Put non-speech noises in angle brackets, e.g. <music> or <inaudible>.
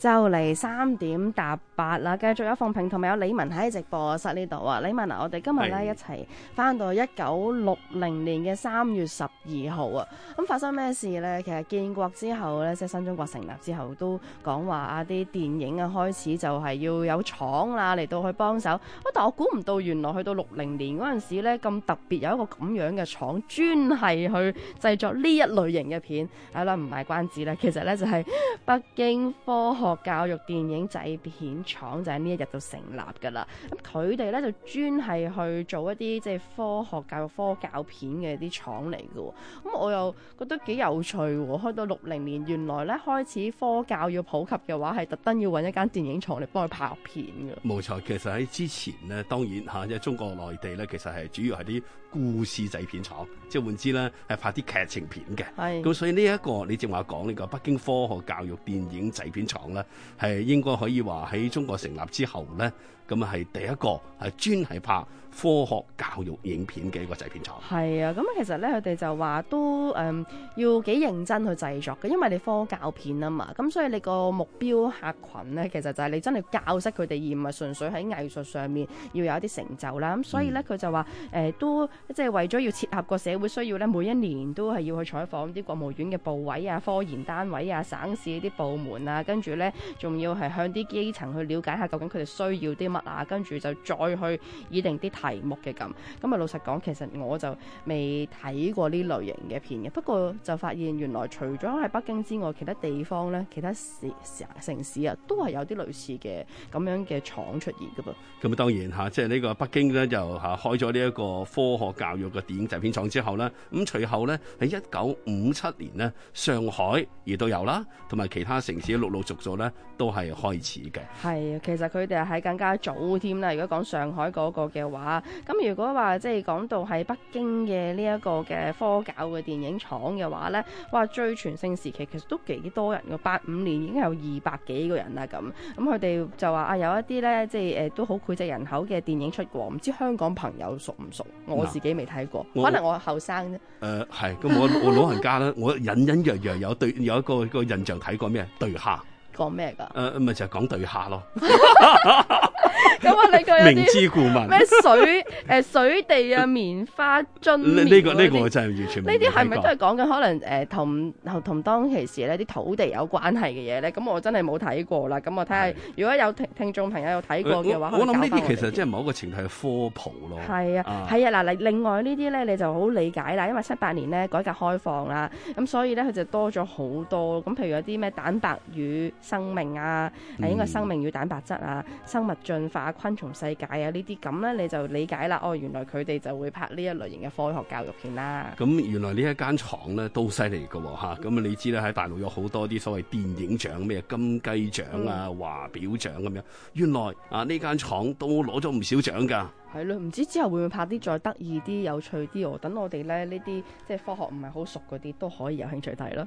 就嚟三點搭。繼續有鳳平同埋有李文喺直播室呢度啊！李文嗱，我哋今日咧一齊翻到一九六零年嘅三月十二號啊！咁發生咩事呢？其實建國之後咧，即係新中國成立之後，都講話啊啲電影啊開始就係要有廠啦嚟到去幫手。但我估唔到原來去到六零年嗰陣時呢，咁特別有一個咁樣嘅廠，專係去製作呢一類型嘅片。好啦，唔賣關子啦，其實呢就係北京科學教育電影製片廠就喺呢一日就成立噶啦，咁佢哋咧就專係去做一啲即係科學教育科教片嘅啲廠嚟噶，咁我又覺得幾有趣，開到六零年，原來咧開始科教要普及嘅話，係特登要搵一間電影廠嚟幫佢拍片噶。冇錯，其實喺之前咧，當然吓，即係中國內地咧，其實係主要係啲故事製片廠，即係換之咧係拍啲劇情片嘅。係，咁所以呢、這、一個你正話講呢個北京科學教育電影製片廠咧，係應該可以話喺中國成立之後咧，咁啊係第一個係專係拍。科學教育影片嘅一個製片廠，係啊，咁其實咧佢哋就話都誒、嗯、要幾認真去製作嘅，因為你科教片啊嘛，咁所以你個目標客群咧，其實就係你真係教識佢哋，而唔係純粹喺藝術上面要有一啲成就啦。咁所以咧，佢、嗯、就話誒、呃、都即係為咗要切合個社會需要咧，每一年都係要去採訪啲國務院嘅部委啊、科研單位啊、省市啲部門啊，跟住咧仲要係向啲基層去了解下究竟佢哋需要啲乜啊，跟住就再去擬定啲。題目嘅咁咁啊！老實講，其實我就未睇過呢類型嘅片嘅。不過就發現原來除咗喺北京之外，其他地方咧、其他市城市啊，都係有啲類似嘅咁樣嘅廠出現嘅噃。咁啊，當然吓，即係呢個北京咧就吓開咗呢一個科學教育嘅電影製片廠之後咧，咁隨後咧喺一九五七年呢，上海亦都有啦，同埋其他城市陸陸續續咧都係開始嘅。係啊，其實佢哋係喺更加早添啦。如果講上海嗰個嘅話，咁、啊、如果話即係講到喺北京嘅呢一個嘅科教嘅電影廠嘅話咧，哇最全盛時期其實都幾多人噶，八五年已經有二百幾個人啦咁。咁佢哋就話啊有一啲咧即係誒、呃、都好膾炙人口嘅電影出過，唔知香港朋友熟唔熟？我自己未睇過、啊，可能我後生啫。誒、呃、係，咁我我老人家咧， <laughs> 我隱隱約約有對有一個有一個印象睇過咩？對蝦講咩噶？誒咪、呃、就係講對蝦咯。 <laughs> <laughs> 咁啊，你個明知故問咩水誒水地啊、棉花、綿棉嗰啲？呢個呢個我真係完全呢啲係咪都係講緊可能誒同同當其時呢啲土地有關係嘅嘢咧？咁我真係冇睇過啦。咁我睇下，如果有聽聽眾朋友有睇過嘅話，我諗呢啲其實即係某個前提係科普咯。係啊，係啊。嗱嗱，另外呢啲咧你就好理解啦，因為七八年咧改革開放啦，咁所以咧佢就多咗好多。咁譬如有啲咩蛋白與生命啊，係應該係生命與蛋白質啊，生物進化。啊、昆蟲世界啊，呢啲咁咧你就理解啦。哦，原來佢哋就會拍呢一類型嘅科學教育片啦。咁原來這間床呢一間廠咧都犀利噶吓。咁、嗯、啊，你知咧喺大陸有好多啲所謂電影獎咩金雞獎啊、華表獎咁樣。原來啊呢間廠都攞咗唔少獎噶。係咯，唔知之後會唔會拍啲再得意啲、有趣啲、啊？我等我哋咧呢啲即係科學唔係好熟嗰啲都可以有興趣睇咯。